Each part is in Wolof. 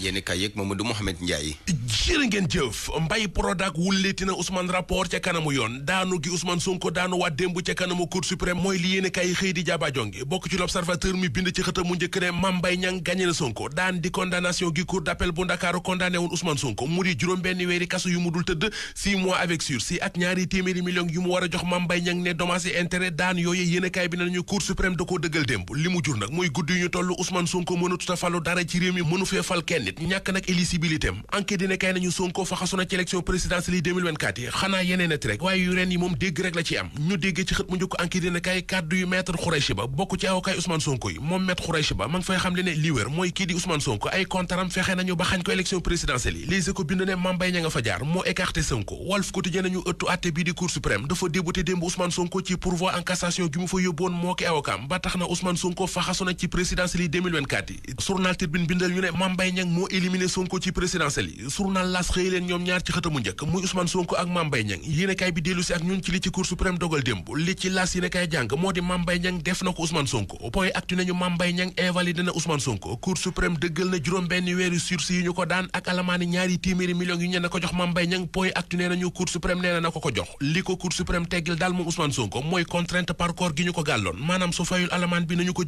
yéen kay yeeg Mamadou Mouhamed Ndiaye. jërë ngeen jëf mbay wu wulleeti na Ousmane rapport ca kanamu yoon daanu gi Ousmane Sonko daanu waa démb ca kanamu Cour suprême mooy li yéen kay xëy di jaabajongi bokk ci l'observateur mi bind ci xëtam mu njëkk ne Mame Mbaye Niang gagné daan di condamnation gi cour d'appel bu Ndakaaru condamné woon Ousmane Sonko mu di juróom-benn weeri kaso yu mu dul tëdd six mois avec sursis ak ñaari téeméeri millions yu mu war a jox Mame Mbaye ne dommages et intérêts daan yooyu yéen kay bi nañu Cour suprême da koo dëggal démb li toll Ousmane Sonko mënatut a dara ci réew mi mënu fee fal kenn nit ñàkk nag éligibilité am enquête nañu Sonko fa xasu ci élection présidentielle yi xanaa yeneen a rek waaye yu yi moom dégg rek la ci am ñu dégg ci xët mu njëkk enquête kàddu yu maître Khouraychi Ba bokk ci avocat Ousmane Sonko yi moom maître Khouraychi Ba ma fay xam le ne li mooy kii di Ousmane ay kontaram fexe nañu ba xañ ko élection présidentielle yi Les bind ne Mame Mbaye Niang moo écarté Sonko Walf Quotidien nañu ëttu moo éliminé Sonko ci présidentielle yi journal L'As xëy leen ñoom ñaar ci xëtamu njëkk muy Ousmane Sonko ak Mame Mbaye Niang bi dellu ak ñun ci li ci Cour suprême dogal démb li ci L'As yéenekaay jàng moo di Mame Mbaye def na ko Ousmane Sonko point actu nañu Mame Mbaye Niang na Ousmane Sonko Cour suprême dëggal na juróom benn weeru sursis yu ñu ko daan ak alamaani ñaari téeméeri millions yu ñu ne ko jox Mame Mbaye Niang point na ñu ko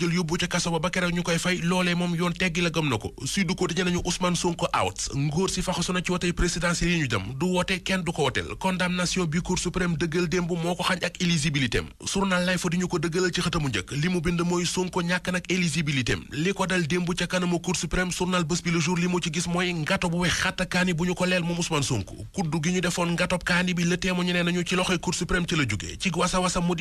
gàlloon nañu Ousmane Sonko out nguur si faxasu na ci wotey présidentielle yi ñu woteel condamnation bi cour suprême dëggal démb moo ko xañ ak éligibilité am lay fa ñu ko dëggalal ci xëtamu njëkk li mu bind mooy Sonko ñàkk nag éligibilité li ko dal démb ca kanamu cour suprême journal bés jour li mu ci gis mooy ngato bu wex xatta kaani bu ñu ko leel moom Ousmane Sonko kuddu gi ñu defoon ngatob kaani bi le téemo ñu nañu ci loxoy cour suprême ci la jóge ci wasa mu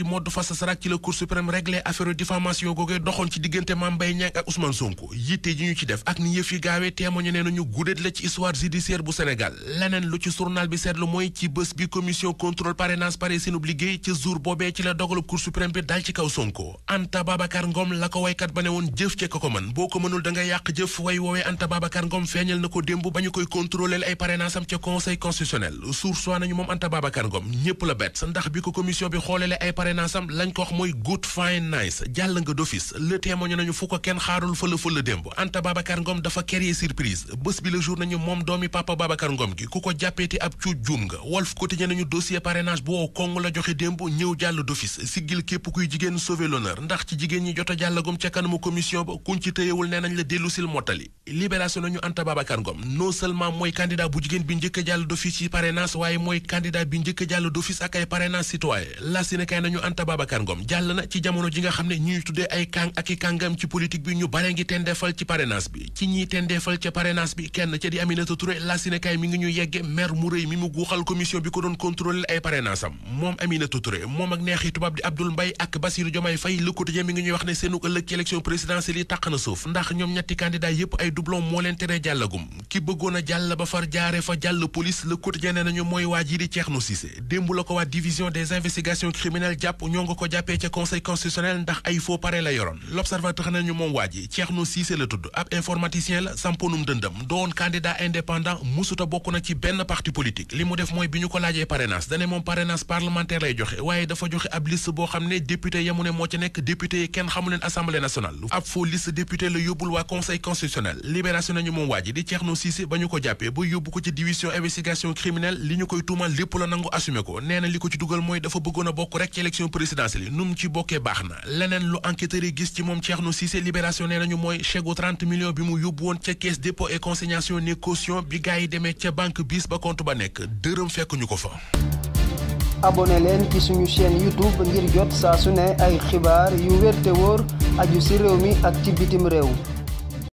témoigné nee nañu guddét la ci histoire judiciaire bu Sénégal leneen lu ci journal bi seetlu mooy ci bés bi commission contrôle parrainage pare liggéey ci jour boobee ci la dogalub Cour suprême bi dal ci kaw Sonko Anta Babacar Ngom la ko waykat ba ne woon jëf ca ko ko mën boo ko mënul da nga yàq jëf way woowee Anta Babacar Ngom feeñal na ko démb ba ñu koy contrôler ay parrainage am ca conseil constitutionnel sour soi nañu moom Anta Babacar Ngom ñépp la bett ndax surprise bi le jour nañu moom doomi papa Babacar Ngom gi ku ko jàppeeti ab cuuj juum nga Walf Quotidien nañu dossier parrainage bu wow la joxe démb ñëw jàll d'office siggil képp kuy jigéen sauver l'honneur ndax ci jigéen ñi jot a jàllagum ca kanamu commission ba kuñ ci tëyewul nee nañ la dellu mottali libération nañu Anta Babacar Ngom non mooy candidat bu jigéen bi njëkk jàll d'office ci parrainage waaye mooy candidat bi njëkk jàll d'office ak ay parrainage dogal ca parrainage bi kenn ca di Aminata Touré la sinekaay mi ngi ñu yegge mer mu rëy mi mu guuxal commission bi ko doon contrôler ay parrainage am moom Aminata Touré moom ak neexi tubaab di Abdoul Mbaye ak Bassirou Diomaye Faye Le Quotidien mi ngi ñuy wax ne seenu ëllëg ci élection présidentielle yi tàq na suuf ndax ñoom ñetti candidat yëpp ay doublon moo leen tere jàllagum ki bëggoon jàll ba far jaare fa jàll police Le Quotidien ne nañu mooy waa ji di Thierno Cissé démb xonum doon candidat indépendant musuta bokk na ci benn parti politique li mu def mooy bi ñu ko laajee parrainage dane moom parrainage parlementaire lay joxe waaye dafa joxe ab liste boo xam ne député yamu ne moo ci nekk député yi kenn xamu leen nationale ab faux liste député la yóbbul waa conseil constitutionnel libération nañu moom waa ji di Thierno Cissé ba ñu ko jàppee ba yóbbu ko ci division investigation criminelle li ñu koy tuumal lépp la nangu caisse dépôt consignation ne caution bi gars yi demee ca banque bis ba compte ba nekk dërëm fekk ñu ko fa. abonné leen ci suñu seen YouTube ngir jot saa su ne ay xibaar yu wér te wóor aju ci réew mi ak ci bitim réew.